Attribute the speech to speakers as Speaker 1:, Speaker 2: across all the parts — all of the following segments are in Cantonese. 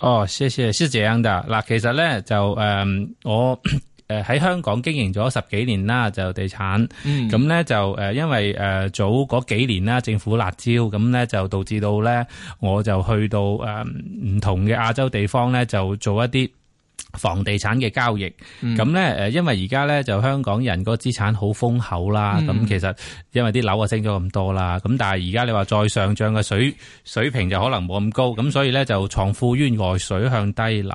Speaker 1: 哦，謝謝是是，這樣㗎。嗱，其實咧就誒、呃，我誒喺、呃、香港經營咗十幾年啦，就地產。咁咧、嗯、就誒，因為誒早嗰幾年啦，政府辣招，咁咧就導致到咧，我就去到誒唔、呃、同嘅亞洲地方咧，就做一啲，房地產嘅交易，咁呢，誒，因為而家呢，就香港人個資產好豐厚啦，咁、嗯、其實因為啲樓啊升咗咁多啦，咁但係而家你話再上漲嘅水水平就可能冇咁高，咁所以呢，就藏富於外水，水向低流。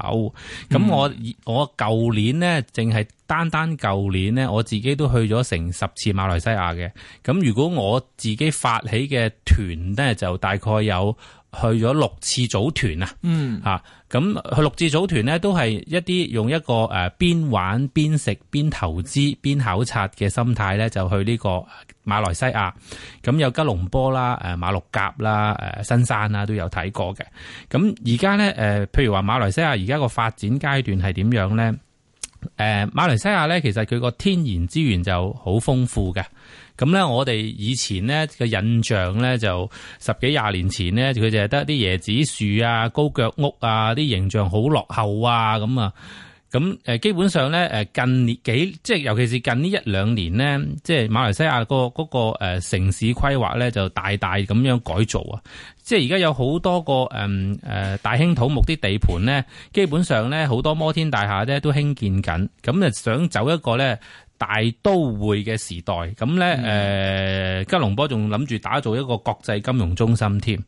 Speaker 1: 咁、嗯、我我舊年呢，淨係單單舊年呢，我自己都去咗成十次馬來西亞嘅。咁如果我自己發起嘅團呢，就大概有去咗六次組團、嗯、啊。嗯咁六字組團咧，都係一啲用一個誒邊玩邊食邊投資邊考察嘅心態咧，就去呢個馬來西亞。咁有吉隆坡啦、誒馬六甲啦、誒新山啦，都有睇過嘅。咁而家咧誒，譬如話馬來西亞而家個發展階段係點樣咧？誒馬來西亞咧，其實佢個天然資源就好豐富嘅。咁咧，我哋以前咧嘅印象咧，就十幾廿年前咧，佢淨係得啲椰子樹啊、高腳屋啊，啲形象好落後啊咁啊。咁基本上咧，近幾，即係尤其是近呢一兩年咧，即係馬來西亞個嗰個城市規劃咧，就大大咁樣改造啊。即係而家有好多個誒誒大興土木啲地盤咧，基本上咧好多摩天大廈咧都興建緊，咁啊想走一個咧。大都會嘅時代咁咧，誒吉隆坡仲諗住打造一個國際金融中心添，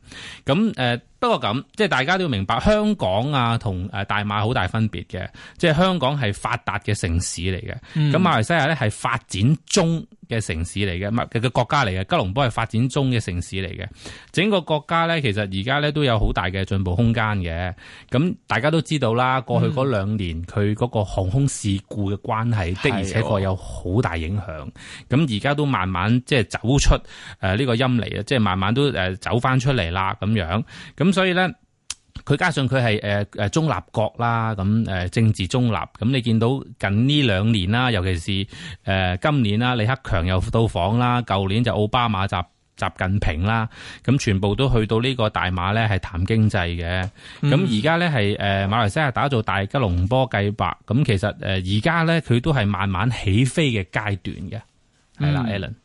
Speaker 1: 咁誒。嗯不過咁，即係大家都要明白，香港啊同誒大馬好大分別嘅，即係香港係發達嘅城市嚟嘅。咁馬來西亞咧係發展中嘅城市嚟嘅，佢嘅國家嚟嘅？吉隆坡係發展中嘅城市嚟嘅。整個國家咧，其實而家咧都有好大嘅進步空間嘅。咁大家都知道啦，過去嗰兩年佢嗰、嗯、個航空事故嘅關係的而且確有好大影響。咁而家都慢慢即係走出誒呢、呃這個陰霾，啊，即係慢慢都誒走翻出嚟啦，咁樣咁。咁所以咧，佢加上佢係誒誒中立國啦，咁誒政治中立。咁你見到近呢兩年啦，尤其是誒今年啦，李克強又到訪啦，舊年就奧巴馬習習近平啦，咁全部都去到呢個大馬咧，係談經濟嘅。咁而家咧係誒馬來西亞打造大吉隆坡計劃，咁其實誒而家咧佢都係慢慢起飛嘅階段嘅。係啦，Alan。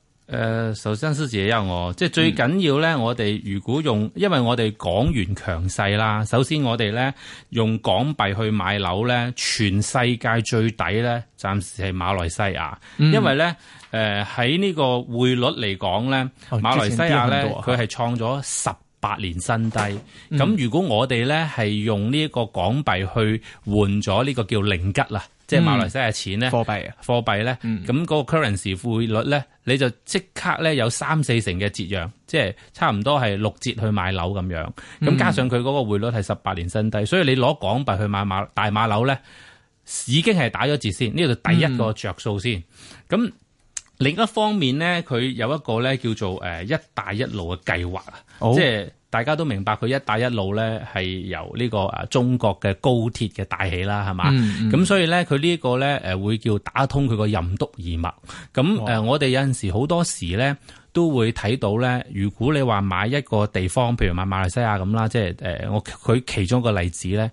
Speaker 1: 誒，首先司事嘅我，即係最緊要咧。我哋如果用，因為我哋港元強勢啦，首先我哋咧用港幣去買樓咧，全世界最抵咧，暫時係馬來西亞，嗯、因為咧誒喺呢個匯率嚟講咧，馬來西亞咧，佢係創咗十八年新低。咁、嗯嗯、如果我哋咧係用呢一個港幣去換咗呢個叫零吉啦，即係馬來西亞錢咧，貨幣貨幣咧，咁嗰、那個 currency 匯率咧。你就即刻咧有三四成嘅折讓，即係差唔多係六折去買樓咁樣，咁加上佢嗰個匯率係十八年新低，所以你攞港幣去買大馬樓咧，已經係打咗折先，呢個第一個着數先。咁、嗯、另一方面咧，佢有一個咧叫做一帶一路嘅計劃啊，哦、即係大家都明白佢一帶一路咧，係由呢個啊中國嘅高鐵嘅帶起啦，係嘛？咁、嗯嗯、所以咧，佢呢個咧誒會叫打通佢個任督二脈。咁、哦呃、我哋有陣時好多時咧都會睇到咧。如果你話買一個地方，譬如買馬來西亞咁啦，即係誒、呃、我佢其中一個例子咧。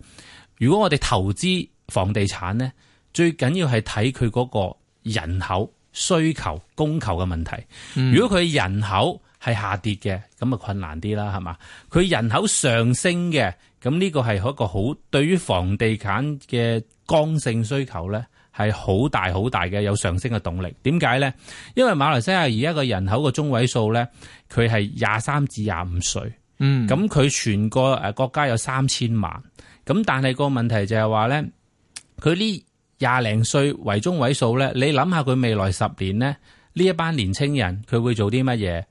Speaker 1: 如果我哋投資房地產咧，最緊要係睇佢嗰個人口需求供求嘅問題。如果佢人口，嗯嗯係下跌嘅，咁啊困難啲啦，係嘛？佢人口上升嘅，咁呢個係一個好對於房地產嘅剛性需求咧，係好大好大嘅有上升嘅動力。點解咧？因為馬來西亞而家個人口嘅中位數咧，佢係廿三至廿五歲，嗯，咁佢全個誒國家有三千萬，咁但係個問題就係話咧，佢呢廿零歲為中位數咧，你諗下佢未來十年咧呢一班年青人佢會做啲乜嘢？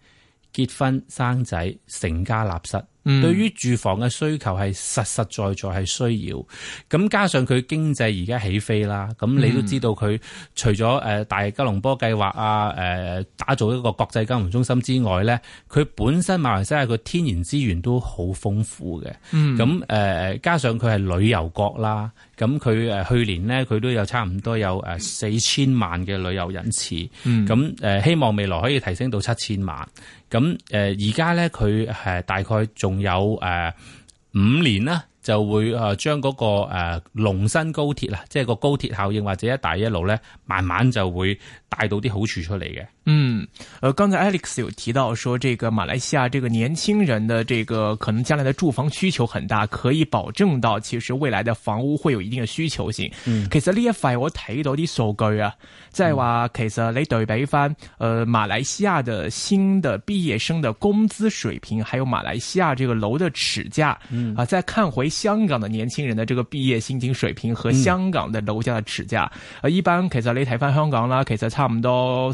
Speaker 1: 結婚、生仔、成家立室。對於住房嘅需求係實實在在係需要，咁加上佢經濟而家起飛啦，咁、嗯、你都知道佢除咗誒大吉隆坡計劃啊，誒、呃、打造一個國際金融中心之外咧，佢本身馬來西亞個天然資源都好豐富嘅，咁誒、嗯、加上佢係旅遊國啦，咁佢誒去年咧佢都有差唔多有誒四千萬嘅旅遊人次，咁誒、嗯、希望未來可以提升到七千萬，咁誒而家咧佢誒大概仲。有誒五年啦，就會誒將嗰個誒龍新高鐵啊，即係個高鐵效應或者一帶一路咧，慢慢就會帶到啲好處出嚟嘅。嗯。
Speaker 2: 嗯、呃，剛才 Alex 有提到說，這個馬來西亞這個年輕人的這個可能將來的住房需求很大，可以保證到其實未來的房屋會有一定的需求性。其實呢一塊我提到啲數據啊，即係話其實你對比翻、呃，馬來西亞的新的畢業生的工資水平，還有馬來西亞這個樓的尺價，嗯、啊，再看回香港的年輕人的這個畢業薪金水平和香港的樓價的尺價，嗯、一般其實你睇翻香港啦，其實差不多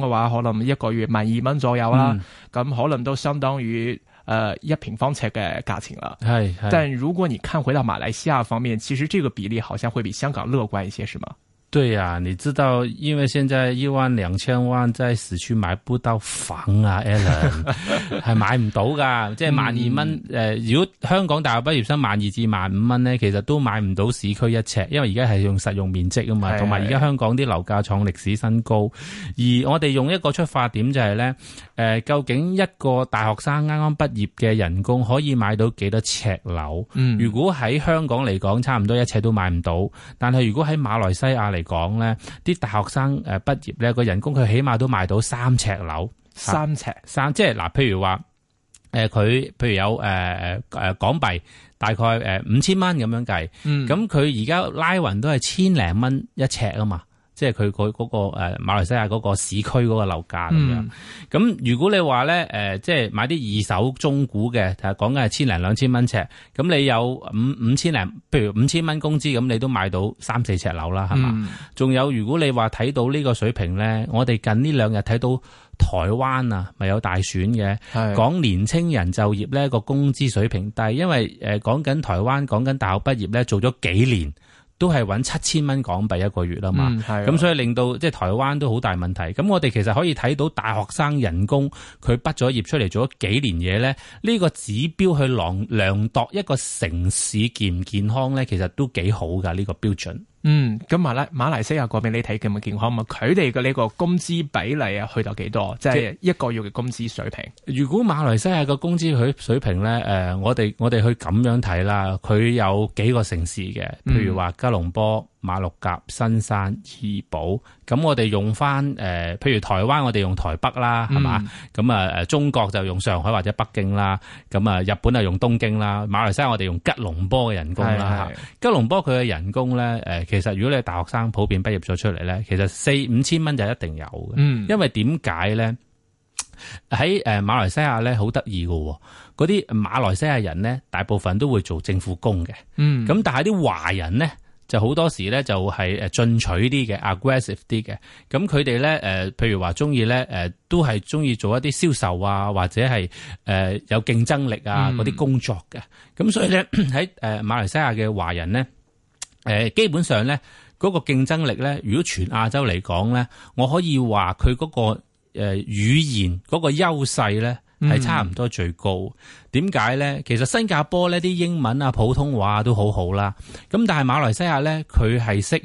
Speaker 2: 嘅話可能一個月萬二蚊左右啦，咁可能都相當於誒、呃、一平方尺嘅價錢啦。係，哎，哎，但如果你看回到馬來西亞方面，其實這個比例好像會比香港樂觀一些，是嗎？
Speaker 1: 對呀、啊，你知道，因為現在一、e、萬兩千萬在市區買不到房啊 Alan 係買唔到噶，即係萬二蚊。誒、嗯，如果香港大學畢業生萬二至萬五蚊呢，其實都買唔到市區一尺，因為而家係用實用面積啊嘛，同埋而家香港啲樓價創歷史新高。是是而我哋用一個出發點就係、是、呢：誒、呃，究竟一個大學生啱啱畢業嘅人工可以買到幾多尺樓？嗯、如果喺香港嚟講，差唔多一尺都買唔到，但係如果喺馬來西亞來嚟講咧，啲大學生誒畢業咧，個人工佢起碼都賣到三尺樓，三尺三，即係嗱，譬如話誒佢，譬如有誒誒、呃、港幣大概誒五千蚊咁樣計，嗯，咁佢而家拉勻都係千零蚊一尺啊嘛。即係佢嗰嗰個誒馬來西亞嗰個市區嗰個樓價咁樣，咁、嗯、如果你話咧誒，即、就、係、是、買啲二手中古嘅，講緊係千零兩千蚊尺，咁你有五五千零，譬如五千蚊工資，咁你都買到三四尺樓啦，係嘛？仲、嗯、有如果你話睇到呢個水平咧，我哋近呢兩日睇到台灣啊，咪有大選嘅，講年青人就業咧個工資水平低，但因為誒講緊台灣講緊大學畢業咧做咗幾年。都係搵七千蚊港幣一個月吖嘛，咁、嗯、所以令到即係台灣都好大問題。咁我哋其實可以睇到大學生人工佢畢咗業出嚟做咗幾年嘢呢，呢、呢個指標去量量度一個城市健唔健康呢，其實都幾好噶呢、呢個標準。嗯，
Speaker 2: 咁馬來馬來西亞過俾你睇嘅咪健康嘛？佢哋嘅呢個工資比例啊，去到幾多？即係一個月嘅工資水平。
Speaker 1: 如果馬來西亞嘅工資水平咧，誒、呃，我哋我哋去咁樣睇啦，佢有幾個城市嘅，譬如話吉隆坡。嗯馬六甲、新山、怡保，咁我哋用翻，誒、呃，譬如台灣，我哋用台北啦，係嘛、嗯，咁啊，誒、嗯，中國就用上海或者北京啦，咁、嗯、啊，日本啊用東京啦，馬來西亞我哋用吉隆坡嘅人工啦，是是，吉隆坡佢嘅人工咧，誒、呃，其實如果你係大學生，普遍畢業咗出嚟咧，其實四五千蚊就一定有嘅，嗯、因為點解咧？喺誒馬來西亞咧好得意喎。嗰啲、啊、馬來西亞人咧大部分都會做政府工嘅，咁、嗯、但係啲華人咧。就好多時咧，就係誒進取啲嘅，aggressive 啲嘅。咁佢哋咧誒，譬如話中意咧誒，都係中意做一啲銷售啊，或者係誒、呃、有競爭力啊嗰啲工作嘅。咁、嗯、所以咧喺誒馬來西亞嘅華人咧，誒、呃、基本上咧嗰、嗰個競爭力咧，如果全亞洲嚟講咧，我可以話佢嗰個誒語言嗰、嗰個優勢咧，係差唔多最高，點解呢？其實新加坡呢啲英文啊、普通話啊都好好啦，咁但係馬來西亞呢，佢係識，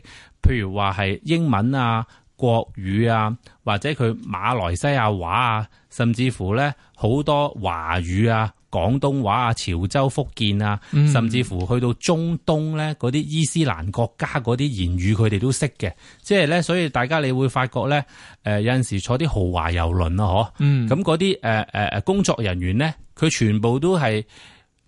Speaker 1: 譬如話係英文啊、國語啊，或者佢馬來西亞話啊，甚至乎呢好多華語啊。廣東話啊、潮州、福建啊，嗯、甚至乎去到中東咧，嗰啲伊斯蘭國家嗰啲言語，佢哋都識嘅。即係咧，所以大家你會發覺咧，誒、呃、有陣時坐啲豪華遊輪咯，嗬、嗯，咁嗰啲誒工作人員咧，佢全部都係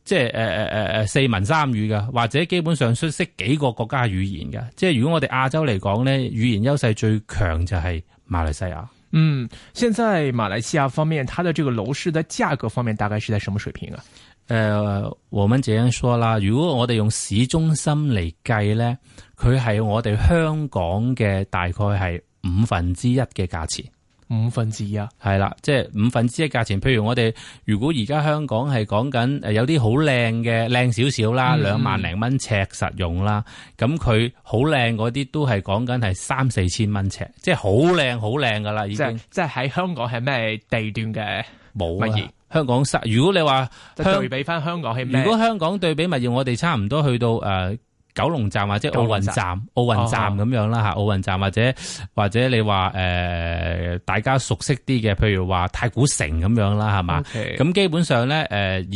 Speaker 1: 即係誒、呃、四文三語嘅，或者基本上識識幾個國家語言嘅。即係如果我哋亞洲嚟講咧，語言優勢最強就係馬來西亞。
Speaker 2: 嗯，現在馬來西亞方面，它的這個樓市的價格方面大概是在什麼水平啊？誒、
Speaker 1: 呃，我們這樣說啦，如果我哋用市中心嚟計咧，佢係我哋香港嘅大概係五分之一嘅價錢。
Speaker 2: 五分之一，
Speaker 1: 啊，係啦，即係五分之一價錢。譬如我哋如果而家香港係講緊有啲好靚嘅，靚少少啦，兩萬零蚊尺實用啦，咁佢好靚嗰啲都係講緊係三四千蚊尺，即係好靚好靚噶啦，已經即係喺香港係咩地段嘅？冇啊，香港實。如果你話香對比
Speaker 2: 返香港係咩？如果香
Speaker 1: 港對比物業，我哋差唔多去到誒。呃九龍站或者奧運站，奧運站咁樣啦吓，奧運站或者或者、哦、或者你話誒、呃，大家熟悉啲嘅，譬如話太古城咁樣啦，係嘛？咁 Okay. 基本上咧，誒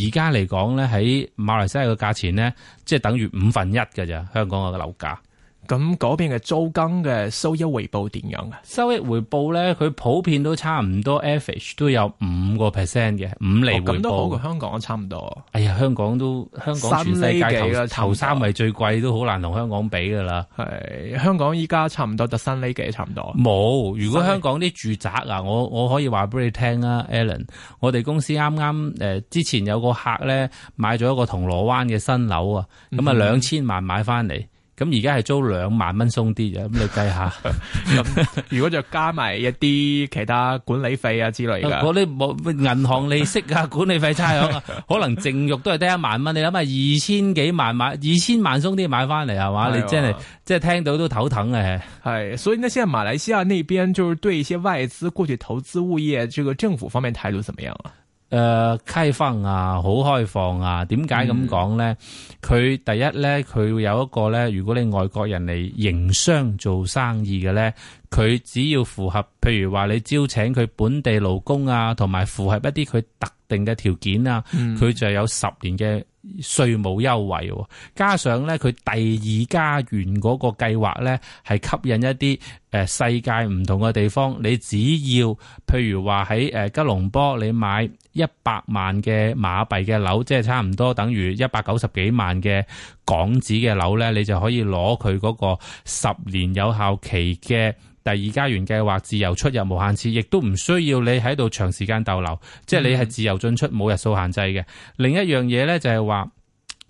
Speaker 1: 而家嚟講咧，喺馬來西亞個價錢咧，即係等於五分一噶咋，香港嘅樓價。咁嗰邊嘅租金嘅收益回報點樣啊？收益回報咧，佢普遍都差唔多，average 都有五個 percent 嘅五厘回報。咁都、哦、好過
Speaker 2: 香港差唔多。
Speaker 1: 哎呀，香港都香港全世界頭，頭三位最貴都好難同香港比噶啦。係香港依家差唔多，就新呢幾個差唔多。冇，如果香港啲住宅啊，的我我可以話俾你聽啊，Alan，我哋公司啱啱誒之前有個客咧買咗一個銅鑼灣嘅新樓啊，咁啊兩千萬買翻嚟。咁而家係租兩萬蚊鬆啲嘅？咁你計下，咁 如果就加埋一啲其他管理費啊之類噶，如果你冇銀行利息啊，管理費差餉 可能淨入都係得一萬蚊。 你諗下，二千幾萬買二千萬鬆啲買翻嚟係嘛？ 你真係真係聽到都頭疼誒！哎， 所以呢，現在馬來西亞那邊就是對一些外資過
Speaker 2: 去投資物業，這個政府方面態度怎麼樣啊？
Speaker 1: 誒、呃，開放啊，好開放啊！點解咁講咧？佢、嗯、第一咧，佢會有一個咧，如果你外國人嚟營商做生意嘅咧，佢只要符合，譬如話你招請佢本地勞工啊，同埋符合一啲佢特。定嘅條件啊，佢就有十年嘅稅務優惠喎，加上咧佢第二家園嗰個計劃咧，係吸引一啲誒世界唔同嘅地方，你只要譬如話喺誒吉隆坡你買一百萬嘅馬幣嘅樓，即係差唔多等於一百九十幾萬嘅港紙嘅樓咧，你就可以攞佢嗰個十年有效期嘅。第二家園計劃自由出入無限次，亦都唔需要你喺度長時間逗留，即係你係自由進出冇日數限制嘅。另一樣嘢咧，就係話。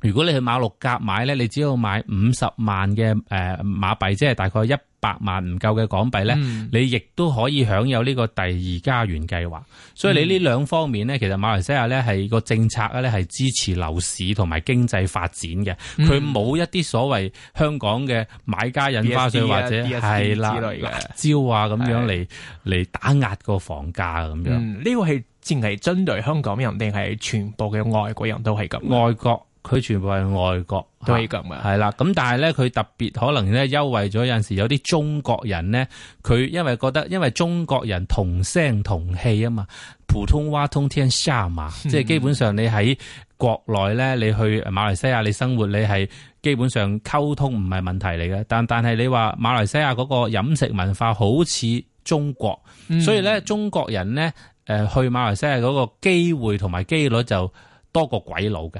Speaker 1: 如果你去馬六甲買咧，你只要買五十萬嘅，誒馬幣，即係大概一百萬唔夠嘅港幣咧，嗯、你亦都可以享有呢個第二家園計劃。所以你呢兩方面呢、嗯、其實馬來西亞咧，係個政策咧係支持樓市同埋經濟發展嘅，佢冇、嗯、一啲所謂香港嘅買家印花稅、啊、或者係啦，辣招啊咁的樣嚟嚟打壓
Speaker 2: 個房價咁樣。呢個係淨係針對香港人定係全部嘅外國人
Speaker 1: 都係咁？外國。佢全部係外國，係咁嘅，係啦。咁但係咧，佢特別可能咧優惠咗有陣時有啲中國人咧，佢因為覺得，因為中國人同聲同氣啊嘛，普通話通天下嘛，嗯、即係基本上你喺國內咧，你去馬來西亞你生活，你係基本上溝通唔係問題嚟嘅。但但係你話馬來西亞嗰個飲食文化好似中國，嗯、所以咧中國人咧誒去馬來西亞嗰個機會同埋機率就多過鬼佬嘅。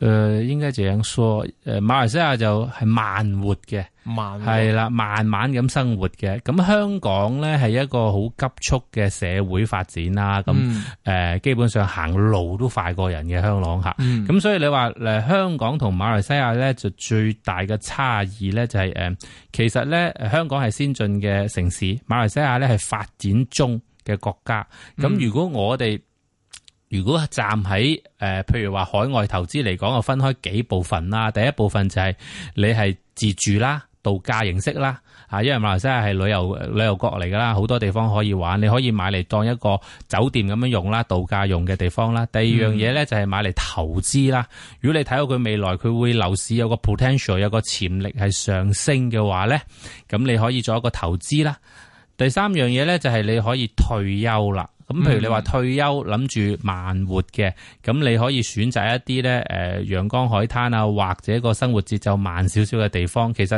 Speaker 1: 誒、呃，應該這樣說，誒，馬來西亞就係慢活嘅，
Speaker 2: 慢係活
Speaker 1: 啦，慢慢咁生活嘅。咁香港咧係一個好急速嘅社會發展啦。咁誒、嗯，基本上行路都快過人嘅香港客。咁、嗯、所以你話誒，香港同馬來西亞咧就最大嘅差異咧就係、是、誒，其實咧香港係先進嘅城市，馬來西亞咧係發展中嘅國家。咁、嗯、如果我哋如果站喺誒，譬如話海外投資嚟講，我分開幾部分啦。第一部分就係你係自住啦、度假形式啦，嚇，因為馬來西亞係旅遊旅遊國嚟㗎啦，好多地方可以玩，你可以買嚟當一個酒店咁樣用啦、度假用嘅地方啦。第二樣嘢咧就係買嚟投資啦。嗯、如果你睇到佢未來佢會樓市有個 potential 有個潛力係上升嘅話咧，咁你可以做一個投資啦。第三樣嘢咧就係你可以退休啦。咁譬如你話退休諗住慢活嘅，咁你可以選擇一啲咧，誒陽光海灘啊，或者個生活節奏慢少少嘅地方。其實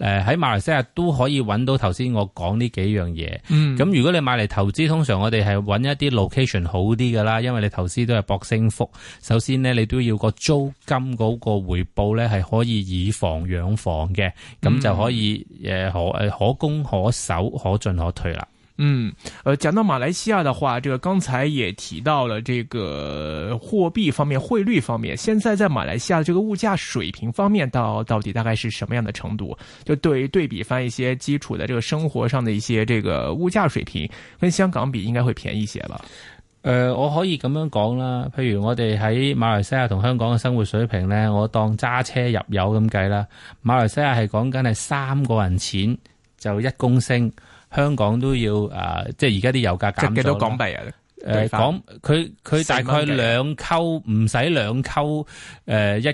Speaker 1: 誒喺馬來西亞都可以揾到頭先我講呢幾樣嘢。咁、嗯、如果你買嚟投資，通常我哋係揾一啲 location 好啲㗎啦，因為你投資都係博升幅。首先呢，你都要個租金嗰個回報咧係可以以房養房嘅，咁就可以誒可可攻可守，嗯、可進可退啦。嗯，呃講到馬來西亞的話，這個剛才也提
Speaker 2: 到了這個貨幣方面、匯率方面，現在在馬來西亞這個物價水平方面到，到到底大概是什麼樣的程度？就對對比翻一些基礎的這個
Speaker 1: 生活上的一些這個物價水平，跟香港比應該會便宜些啦。誒、呃，我可以咁樣講啦，譬如我哋喺馬來西亞同香港嘅生活水平呢，我當揸車入油咁計啦，馬來西亞係講緊係三個人錢就一公升。香港都要啊，即係而家啲油價減咗啦。即係幾多港幣啊？誒，港佢佢大概兩溝唔使兩溝誒，一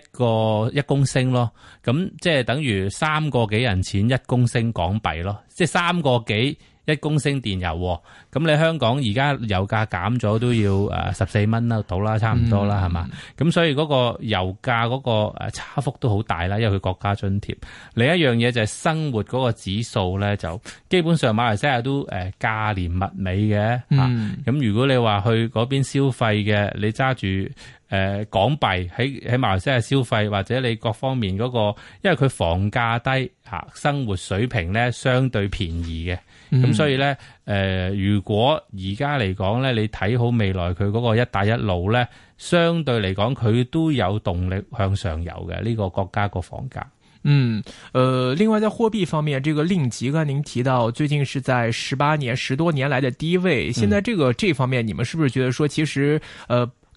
Speaker 1: 個一公升咯。咁即係等於三個幾人錢一公升港幣咯，即係三個幾。一公升電油咁，你香港而家油價減咗都要誒十四蚊啦，到啦，差唔多啦，係嘛、嗯？咁所以嗰個油價嗰個差幅都好大啦，因為佢國家津貼另一樣嘢就係生活嗰個指數咧，就基本上馬來西亞都價廉物美嘅、嗯、啊。咁如果你話去嗰邊消費嘅，你揸住、呃、港幣喺喺馬來西亞消費，或者你各方面嗰個，因為佢房價低、啊、生活水平咧相對便宜嘅。咁、嗯、所以呢，誒、呃，如果而家嚟講呢，你睇好未來佢嗰個一帶一路呢，相對嚟講佢都有動力向上遊嘅呢個國家個房價。嗯，呃，另外在貨幣方面，這個令吉，剛您提
Speaker 2: 到最近是在十八年十多年來的低位，現在這個、嗯、這方面，你們是不是覺得說，其實，呃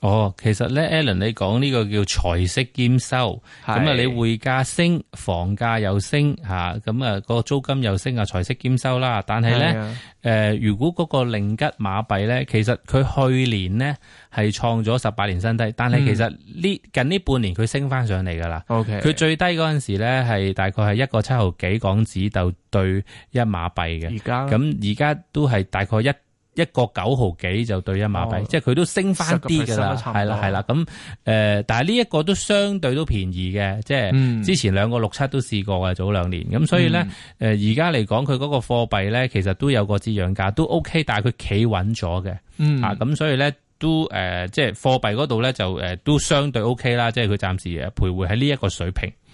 Speaker 1: 哦，其實咧，Allen 你講呢個叫財息兼收，咁啊的，你匯價升，房價又升，咁啊，個租金又升啊，財息兼收啦。但係咧，誒的、呃，如果嗰個令吉馬幣咧，其實佢去年呢係創咗十八年新低，但係其實呢近呢半年佢升翻上嚟㗎啦。O K，佢最低嗰陣時咧係大概係一個七毫幾港紙就兌一馬幣嘅，而家咁而家都係大概一。一個九毫幾就兌一馬幣，哦、即係佢都升翻啲噶啦，係啦係啦。咁誒、呃，但係呢一個都相對都便宜嘅，即係之前兩個六七都試過嘅，早兩年。咁、嗯、所以咧，誒而家嚟講，佢嗰個貨幣咧，其實都有個支撐價，都 OK，但係佢企穩咗嘅。嗯，啊，咁所以咧都誒、呃，即係貨幣嗰度咧就誒、呃、都相對 OK 啦，即係佢暫時誒徘徊喺呢一個水平。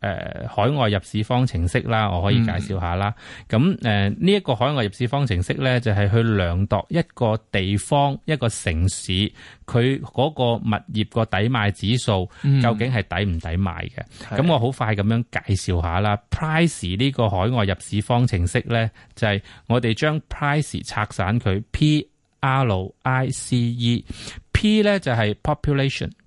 Speaker 1: 誒海外入市方程式啦，我可以介紹下啦。咁誒呢一個海外入市方程式咧，就係去量度一個地方、一個城市佢嗰個物業個抵賣指數究竟係抵唔抵賣嘅。咁、嗯、我好快咁樣介紹下啦。是 Price 呢個海外入市方程式咧，就係我哋將 Price 拆散佢 P-R-I-C-E，P 咧就係 Population。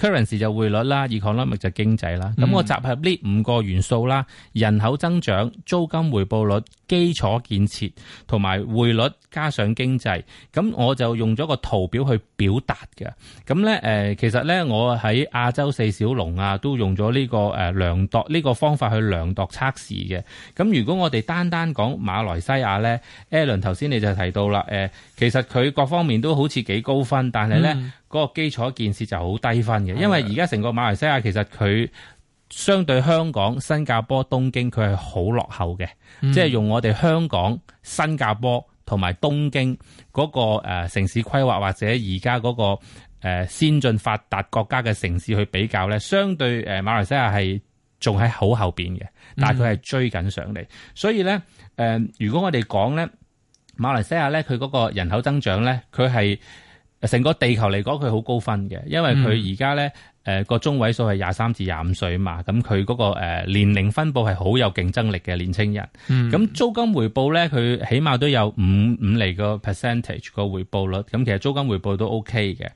Speaker 1: currency 就匯率啦，economic 就經濟啦。咁我集合呢五個元素啦，嗯、人口增長、租金回報率、基礎建設同埋匯率加上經濟，咁我就用咗個圖表去表達嘅。咁咧、呃、其實咧我喺亞洲四小龍啊，都用咗呢個量度呢、呢個方法去量度測試嘅。咁如果我哋單單講馬來西亞咧，Alan 頭先你就提到啦、呃，其實佢各方面都好似幾高分，但係咧嗰個基礎建設就好低分。因為而家成個馬來西亞其實佢相對香港、新加坡、東京，佢係好落後嘅，嗯、即係用我哋香港、新加坡同埋東京嗰、那個誒、呃、城市規劃或者而家嗰個誒、呃、先進發達國家嘅城市去比較咧，相對誒馬來西亞係仲喺好後邊嘅，但係佢係追緊上嚟，嗯、所以咧誒、呃，如果我哋講咧馬來西亞咧，佢嗰個人口增長咧，佢係。誒，成個地球嚟講，佢好高分嘅，因為佢而家咧，誒個、嗯呃、中位數係廿三至廿五歲嘛，咁佢嗰個誒年齡分布係好有競爭力嘅年輕人。咁、嗯、租金回報咧，佢起碼都有五五厘個 percentage 個回報率，咁其實租金回報都 OK 嘅。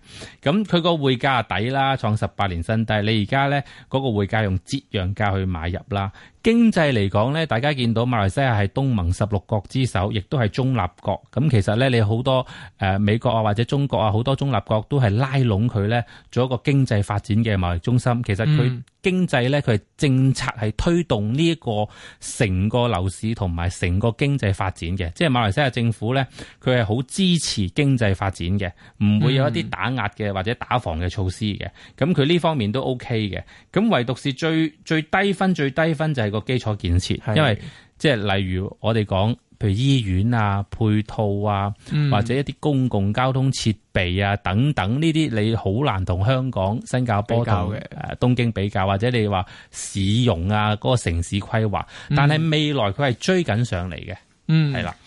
Speaker 1: 咁佢個匯價底啦，創十八年新低。你而家咧嗰個匯價用折讓價去買入啦。經濟嚟講呢，大家見到馬來西亞係東盟十六國之首，亦都係中立國。咁其實呢，你好多誒美國啊，或者中國啊，好多中立國都係拉攏佢呢，做一個經濟發展嘅貿易中心。其實佢經濟呢，佢政策係推動呢一個成個樓市同埋成個經濟發展嘅。即係馬來西亞政府呢，佢係好支持經濟發展嘅，唔會有一啲打壓嘅或者打防嘅措施嘅。咁佢呢方面都 OK 嘅。咁唯獨是最最低分最低分就係、是。個基礎建設，因為即係例如我哋講，譬如醫院啊、配套啊，嗯、或者一啲公共交通設備啊等等呢啲，你好難同香港、新加坡、同誒東京比較，或者你話市容啊、嗰個城市規劃，但係未來佢係追緊上嚟嘅，
Speaker 2: 嗯，係啦。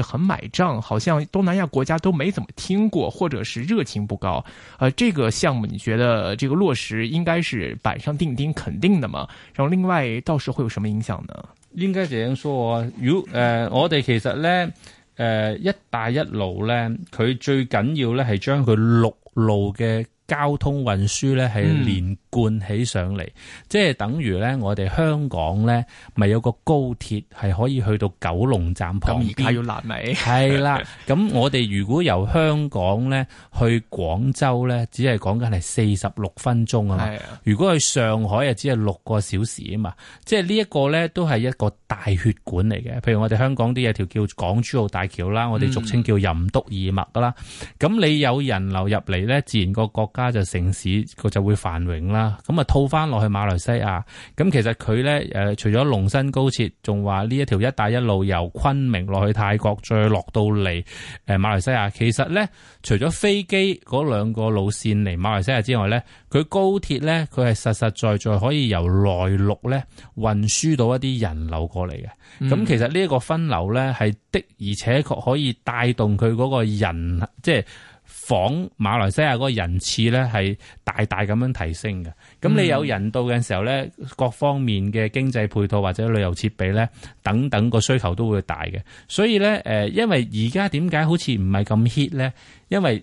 Speaker 2: 很買賬，好像東南亞國家都沒怎麼聽過，或者是熱情不高。呃，這個項目你覺得這個落實應該是板上釘釘，肯定的嘛？然後另外到時會有什麼影響呢？
Speaker 1: 應該這樣說啊，如誒、呃，我哋其實咧，誒、呃，一帶一路咧，佢最緊要咧，係將佢陸路嘅。交通運輸咧係連貫起上嚟，嗯、即係等於咧我哋香港咧，咪有個高鐵係可以去到九龍站旁邊。而家要攔尾。係啦了，咁 我哋如果由香港咧去廣州咧，只係講緊係四十六分鐘啊嘛。如果去上海啊，只係六個小時啊嘛。即係呢一個咧都係一個大血管嚟嘅。譬如我哋香港啲有條叫港珠澳大橋啦，我哋俗稱叫任督二脈噶啦。咁、嗯、你有人流入嚟咧，自然個角。家就城市佢就會繁榮啦，咁啊套翻落去馬來西亞，咁其實佢咧誒除咗隆新高鐵，仲話呢一條一帶一路由昆明落去泰國，再落到嚟誒馬來西亞。其實咧，除咗飛機嗰兩個路線嚟馬來西亞之外咧，佢高鐵咧，佢係實實在在在可以由內陸咧運輸到一啲人流過嚟嘅。咁、嗯、其實呢一個分流咧係的，而且確可以帶動佢嗰個人即係。訪馬來西亞嗰人次咧，係大大咁樣提升嘅。咁你有人到嘅時候咧，嗯、各方面嘅經濟配套或者旅遊設備咧，等等個需求都會大嘅。所以咧，誒、呃，因為而家點解好似唔係咁 hit 咧？因為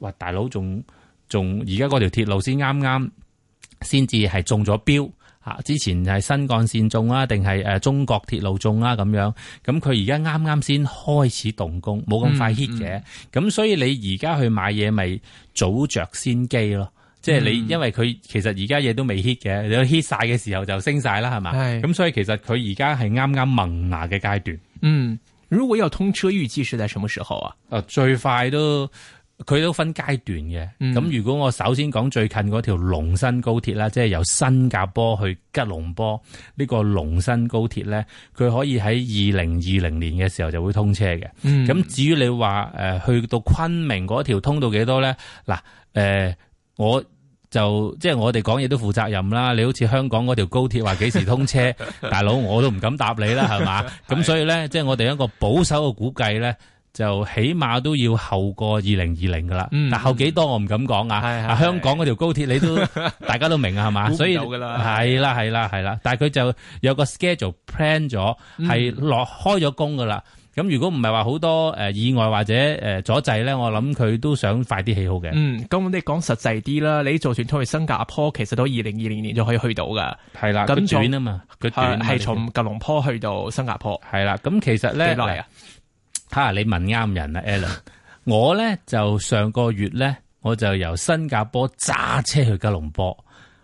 Speaker 1: 話大佬仲，仲而家嗰條鐵路先啱啱先至係中咗標。啊！之前係新幹線中啊，定係誒中國鐵路中啊咁樣。咁佢而家啱啱先開始動工，冇咁快 hit 嘅。咁、嗯嗯、所以你而家去買嘢，咪、就是、早着先機咯。即係你，嗯、因為佢其實而家嘢都未 hit 嘅，你 hit 晒嘅時候就升晒啦，係嘛？咁是所以其實佢而家係啱啱萌芽嘅階段。嗯，如果有通車預期，是在什麼時候啊？啊，最快都。佢都分階段嘅，咁、嗯、如果我首先講最近嗰條龍新高鐵啦，即、就、係、是、由新加坡去吉隆坡呢、這個龍新高鐵咧，佢可以喺二零二零年嘅時候就會通車嘅。咁、嗯、至於你話、呃、去到昆明嗰條通道幾多咧？嗱、呃、誒，我就即係、就是、我哋講嘢都負責任啦。你好似香港嗰條高鐵話幾時通車， 大佬我都唔敢答你啦，係嘛？ 咁所以咧，即、就、係、是、我哋一個保守嘅估計咧。就起碼都要後過二零二零噶啦，但後幾多我唔敢講啊！香港嗰條高鐵你都大家都明啊，係嘛？所以係啦係啦係啦，但佢就有個 schedule plan 咗，係落開咗工噶啦。咁如果唔係話好多意外或者誒阻滯咧，我諗佢都想快啲起好嘅。嗯，咁你講講實際啲啦，你就算
Speaker 2: 去新加坡，其實都二零二零年就可以去到噶。係啦，跟住啊嘛，佢短係從吉
Speaker 1: 隆坡去到新加坡。係啦，咁其實咧。幾耐啊？嚇！你問啱人啊 Allen 我咧就上個月咧，我就由新加坡揸車去吉隆坡，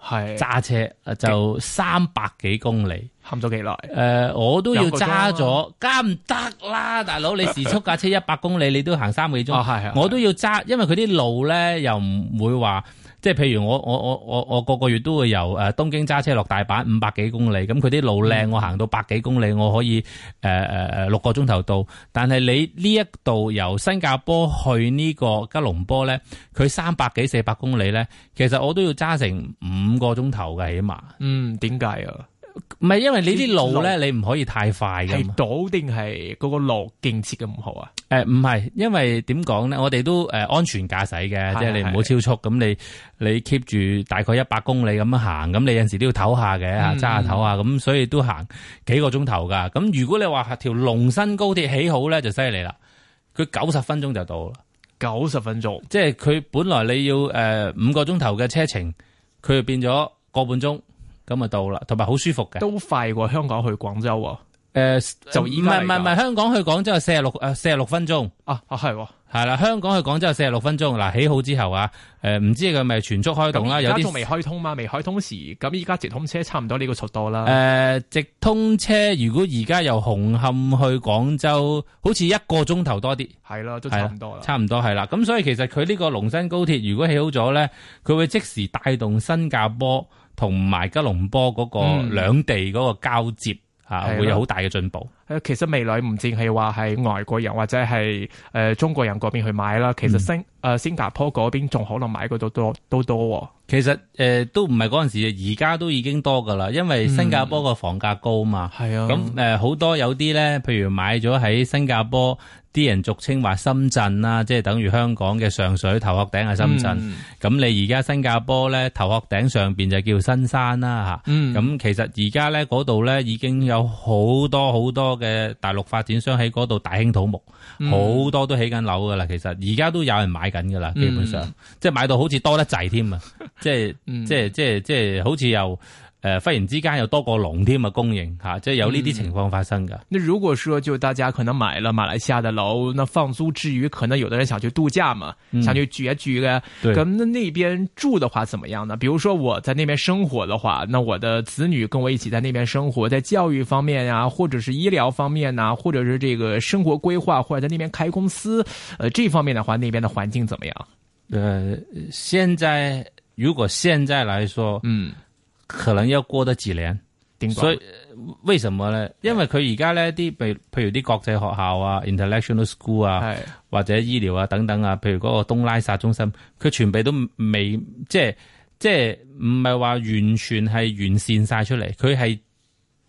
Speaker 1: 係揸車啊，駛就三百幾公里，行咗幾耐？誒、呃，我都要揸咗，梗唔得啦，大佬！你時速架車一百公里，你都行三個幾鐘？啊、係係係我都要揸，因為佢啲路咧又唔會話。即係譬如我我我我我個個月都會由誒東京揸車落大阪，五百幾公里，咁佢啲路靚，我行到百幾公里，我可以誒六個鐘頭到。但係你呢一度由新加坡去呢個吉隆坡咧，佢三百幾四百公里咧，其實我都要揸成五個鐘頭嘅起碼。嗯，點解啊？唔係，因為你啲路咧，你唔可以太快㗎嘛。到定係嗰個路建設嘅唔好啊？誒、呃，唔係，因為點講咧？我哋都誒、呃、安全駕駛嘅，即係是的 你唔好超速。咁的你你 keep 住大概一百公里咁樣行，咁你有陣時都要唞下嘅吓，揸下唞下咁，嗯、所以都行幾個鐘頭噶。咁如果你話條隆新高鐵起好咧，就犀利啦。佢九十分鐘就到啦。九十分鐘，即係佢本來你要誒五、呃、個鐘頭嘅車程，佢就變咗個半鐘。咁啊到啦，同埋好舒服嘅，都快過香港去廣州喎、啊。誒、呃，就唔係唔係唔係，香港去廣州係四十六，誒，四十六分鐘啊。啊係喎，係啦，香港去廣州係四十六分鐘。嗱起好之後啊，誒唔、呃、知佢咪全速開動啦，有啲仲未開通
Speaker 2: 嘛，未開通時，咁而家直通車差唔多呢個速度
Speaker 1: 啦，誒、呃、直通車如果而家由紅磡去廣州好似一個鐘頭多啲，係啦，都差唔多啦，差唔多係啦。咁所以其實佢呢個龍新高鐵如果起好咗咧，佢會即時帶動新加坡同埋吉隆坡嗰個兩地嗰個交接、嗯。啊，會有好大嘅進步。
Speaker 2: 誒，其實未來唔淨係話係外國人或者係誒、呃、中國人嗰邊去買啦，其實新誒、嗯呃、新加坡嗰邊仲可能買嘅多都多。多多哦、其實
Speaker 1: 誒、呃、都唔係嗰陣時，而家都已經多噶啦，因為新加坡個房價高嘛。係啊、嗯，咁誒好多有啲咧，譬如買咗喺新加坡。啲人俗稱話深圳啦，即係等於香港嘅上水，頭殼頂係深圳。咁、嗯、你而家新加坡咧，頭殼頂上面就叫新山啦嚇。咁、嗯、其實而家咧，嗰度咧已經有好多好多嘅大陸發展商喺嗰度大興土木，
Speaker 2: 好、嗯、
Speaker 1: 多都起緊樓噶啦。其實而家都有人買緊噶啦，嗯、基本上即係買到好似多得滯添啊！即係即係即係即係好似又～呃，忽然之間有多個龍添啊，供應哈，就有呢啲情況發生㗎、嗯、
Speaker 2: 那如果說就大家可能買了馬來西亞的樓，那放租之餘，可能有的人想去度假嘛，嗯、想去住一住咧。咁那對那邊住的話，怎麼樣呢？比如說我在那邊生活的話，那我的子女跟我一起在那邊生活，在教育方面啊，或者是醫療方面啊，或者是這個生活規劃，或者在那邊開公司，
Speaker 1: 誒、呃，這方面的話，那邊的環境怎麼樣？呃，現在如果現在來說，嗯。可能要過得幾年，所以為什麼咧？因為佢而家咧，啲，譬如譬如啲國際學校啊 international school 啊，或者醫療啊等等啊，譬如嗰個東拉薩中心，佢全部都未，即係即係唔係話完全係完善晒出嚟，佢係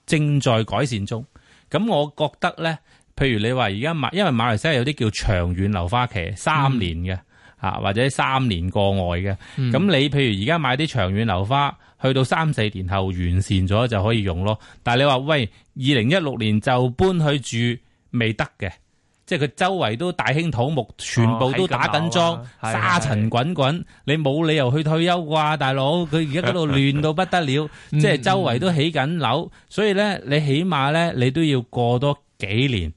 Speaker 1: 正在改善中。咁我覺得咧，譬如你話而家馬，因為馬來西亞有啲叫長遠留花期三年嘅。嗯啊，或者三年過外嘅，咁、嗯、你譬如而家買啲長遠樓花，去到三四年後完善咗就可以用咯。但係你話喂，二零一六年就搬去住未得嘅，即係佢周圍都大興土木，全部都打緊樁、哦啊、沙塵滾滾，你冇理由去退休啩，大佬佢而家嗰度亂到不得了， 即係周圍都起緊樓，嗯、所以咧你起碼咧你都要過多幾年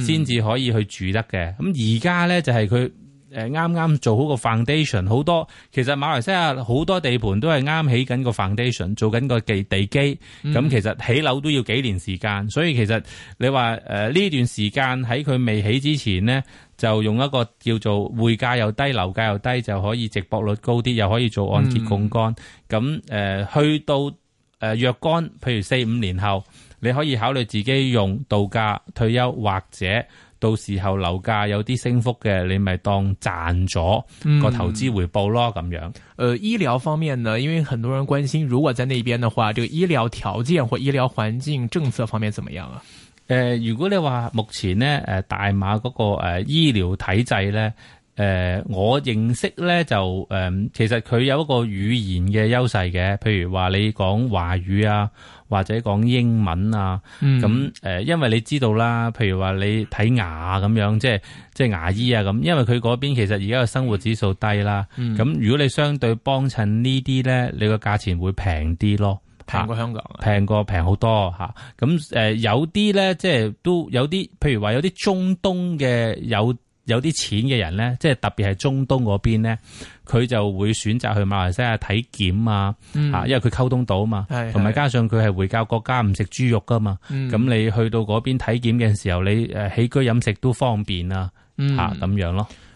Speaker 1: 先至可以去住得嘅。咁而家咧就係、是、佢。誒，啱啱做好個 foundation，好多其實馬來西亞好多地盤都係啱起緊個 foundation，做緊個地地基。咁、嗯、其實起樓都要幾年時間，所以其實你話，誒呢段時間喺佢未起之前呢，就用一個叫做匯價又低，樓價又低就可以值博率高啲，又可以做按揭槓桿，桿。咁誒、嗯、呃、去到誒、呃、若干，譬如四五年後，你可以考慮自己用度假、退休或者。到時候樓價有啲升幅嘅，你咪當賺咗個投資回報咯，咁樣、嗯。誒、呃，醫療方面呢？
Speaker 2: 因為很多人關心，如果在那邊的話，這個醫療條件或醫療環境政策方面怎麼樣啊？
Speaker 1: 誒、呃，如果你話目前呢，誒大馬嗰個誒醫療體制咧，誒、呃、我認識咧就誒、呃，其實佢有一個語言嘅優勢嘅，譬如話你說話你講華語啊。或者講英文啊，咁誒、嗯，因為你知道啦，譬如話你睇牙咁樣，即係即係牙醫啊咁，因為佢嗰邊其實而家個生活指數低啦，咁、嗯、如果你相對幫襯呢啲咧，你個價錢會平啲咯，平過香港，平、啊、過平好多嚇。咁、啊、誒、呃、有啲咧，即係都有啲，譬如話有啲中東嘅有。有啲錢嘅人咧，即係特別係中東嗰邊咧，佢就會選擇去馬來西亞體檢啊，嗯、嚇、因為佢溝通到啊嘛，同埋加上佢係回教國家，唔食豬肉噶嘛，嗯、咁你去到嗰邊體檢嘅時候，你誒起居飲食都方便啊，嗯、嚇咁樣咯。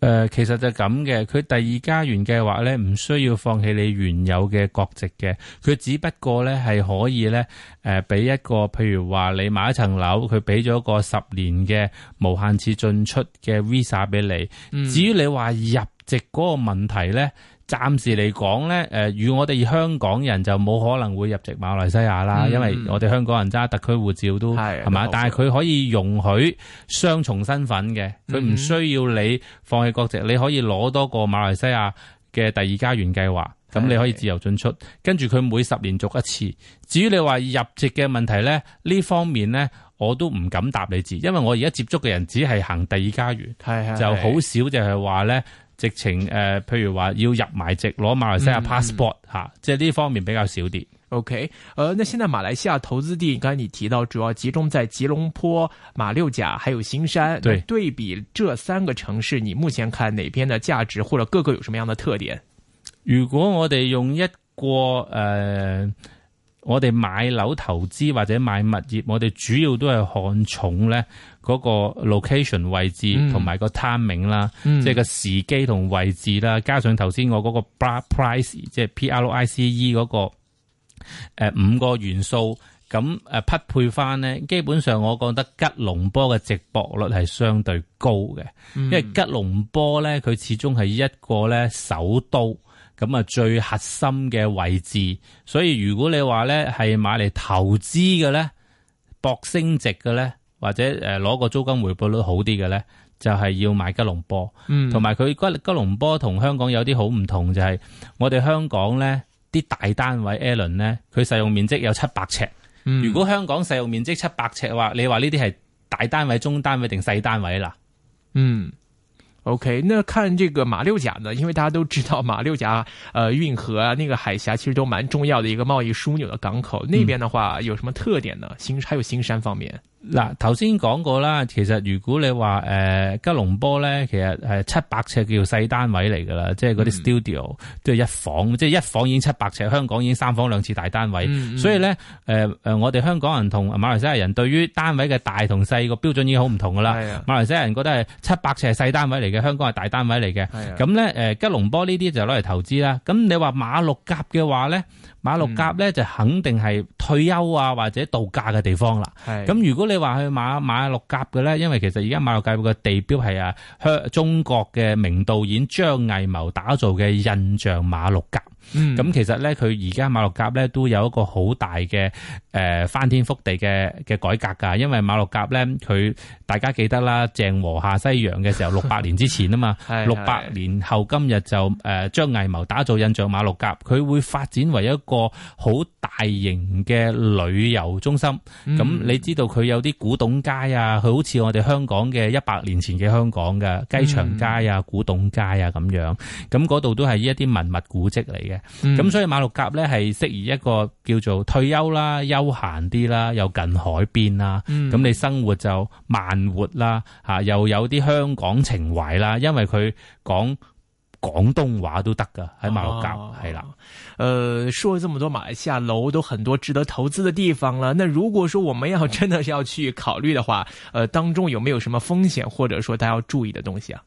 Speaker 1: 誒，其實就咁嘅，佢第二家園計劃呢，唔需要放棄你原有嘅國籍嘅，佢只不過呢，係可以呢，誒，俾一個譬如話你買一層樓，佢俾咗個十年嘅無限次進出嘅 visa 俾你。至於你話入籍嗰個問題呢，暫時嚟講咧，誒與我哋香港人就冇可能會入籍馬來西亞啦，嗯、因為我哋香港人揸特區護照都係嘛，但係佢可以容許雙重身份嘅，佢唔需要你放棄國籍，嗯、你可以攞多個馬來西亞嘅第二家園計劃，咁的你可以自由進出。跟住佢每十年續一次。至於你話入籍嘅問題咧，呢方面咧我都唔敢答你字，因為我而家接觸嘅人只係行第二家園，的就好少就係話咧。的直情誒，譬如話要入埋籍攞馬來西亞 passport 吓、嗯，即係呢方面比較少啲。O K，誒，那現在馬
Speaker 2: 來西亞投資地，剛才你提到主要集中在吉隆坡、馬六甲還有新山。對，對比這三個城市，你目前看哪邊的價值或者各個有什麼樣的特點？
Speaker 1: 如果我哋用一個誒、呃，我哋買樓投資或者買物業，我哋主要都係看重咧。嗰個 location 位置同埋個 timing 啦、嗯，即係個時機同位置啦，嗯、加上頭先我嗰個 price，即係 p r i c e 嗰、那個、呃、五個元素咁誒、呃、匹配翻咧，基本上我覺得吉隆坡嘅值博率係相對高嘅，嗯、因為吉隆坡咧佢始終係一個咧首都咁啊，最核心嘅位置，所以如果你話咧係買嚟投資嘅咧，博升值嘅咧。或者誒攞、呃、個租金回報率好啲嘅咧，就係、是、要買吉隆坡，嗯，同埋佢吉吉隆坡同香港有啲好唔同就係、是，我哋香港咧啲大單位 L n 咧，佢使用面積有七百尺，嗯，如果香港使用面積七百尺嘅話，你話呢啲係大單位、中單位定細單位啦，嗯，OK，那看這個馬六甲呢，因為大家都知道馬
Speaker 2: 六甲，誒、呃、運河啊，那個海峽其實都蠻重要的一個貿易樞紐的港口，嗯，那邊的話有什麼特點呢？還新還有新山方面。
Speaker 1: 嗱，頭先講過啦，其實如果你話誒吉隆坡咧，其實係七百尺叫細單位嚟噶啦，嗯、即係嗰啲 studio 即係一房，嗯、即係一房已經七百尺，香港已經三房兩廁大單位，嗯、所以咧誒、嗯呃、我哋香港人同馬來西亞人對於單位嘅大同細個標準已經好唔同噶啦，啊、馬來西亞人覺得係七百尺係細單位嚟嘅，香港係大單位嚟嘅，咁咧誒吉隆坡呢啲就攞嚟投資啦，咁你話馬六甲嘅話咧？馬六甲咧就肯定係退休啊，或者度假嘅地方啦。咁、嗯、如果你話去馬馬六甲嘅咧，因為其實而家馬六甲嘅地標係啊香中國嘅名導演張藝謀打造嘅印象馬六甲。嗯，咁其實咧，佢而家馬六甲咧都有一個好大嘅誒、呃、翻天覆地嘅嘅改革噶，因為馬六甲咧，佢大家記得啦，鄭和下西洋嘅時候六百年之前啊嘛，六百 年後今日就誒張藝謀打造印象馬六甲，佢會發展為一個好大型嘅旅遊中心。咁、嗯、你知道佢有啲古董街啊，佢好似我哋香港嘅一百年前嘅香港嘅雞場街啊、古董街啊咁樣，咁嗰度都係一啲文物古跡嚟。咁、嗯、所以馬六甲咧係適宜一個叫做退休啦、休閒啲啦，又近海邊啦，咁、嗯、你生活就慢活啦，吓、啊、又有啲香港情懷啦，因為佢講廣東話都得噶
Speaker 2: 喺馬六甲係、啊、啦。誒、呃，說咗咁多馬來西亞樓都很多值得投資的地方啦，那如果說我們要真的要去考慮的話，誒、呃，當中有沒有什麼風險，
Speaker 1: 或者說大家要注意的東西啊？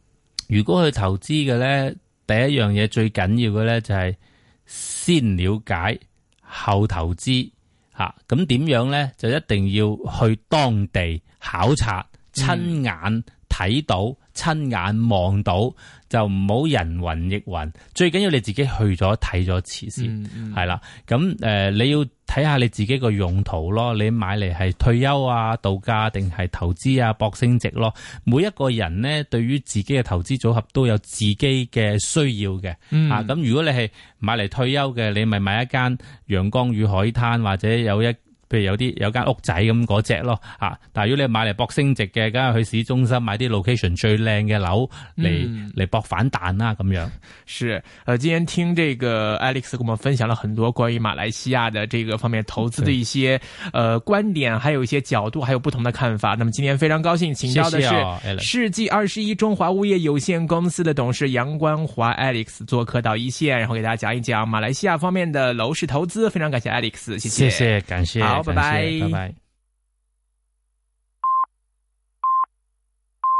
Speaker 1: 如果去投資嘅咧，第一樣嘢最緊要嘅咧就係、是。先了解後投資吓，咁、啊、點樣呢？就一定要去當地考察，親眼睇到，親、嗯、眼望到，到，就唔好人云亦云。最緊要你自己去咗睇咗次先，係啦。咁誒、嗯嗯呃，你要。睇下你自己個用途咯，你買嚟係退休啊、度假定係投資啊博升值咯。每一個人咧對於自己嘅投資組合都有自己嘅需要嘅，嗯、啊咁如果你係買嚟退休嘅，你咪買一間陽光與海灘或者有一。譬如有啲有間屋仔咁嗰隻咯嚇，但係如果你買嚟搏升值嘅，梗係去市中心買啲 location 最靚嘅樓嚟嚟搏反彈啦、啊、咁樣。是，呃，今天
Speaker 2: 聽這個 Alex 跟我們分享了很多關於馬來西亞的這個方面投資的一些是呃觀點，還有一些角度，還有不同的看法。那麼今天非常高興請到的是世紀二十一中華物業有限公司的董事楊官華 Alex 做客到一線，然後給大家講一講馬來西亞方面的樓市投資。非常感謝 Alex，謝謝。謝謝，感謝。拜拜。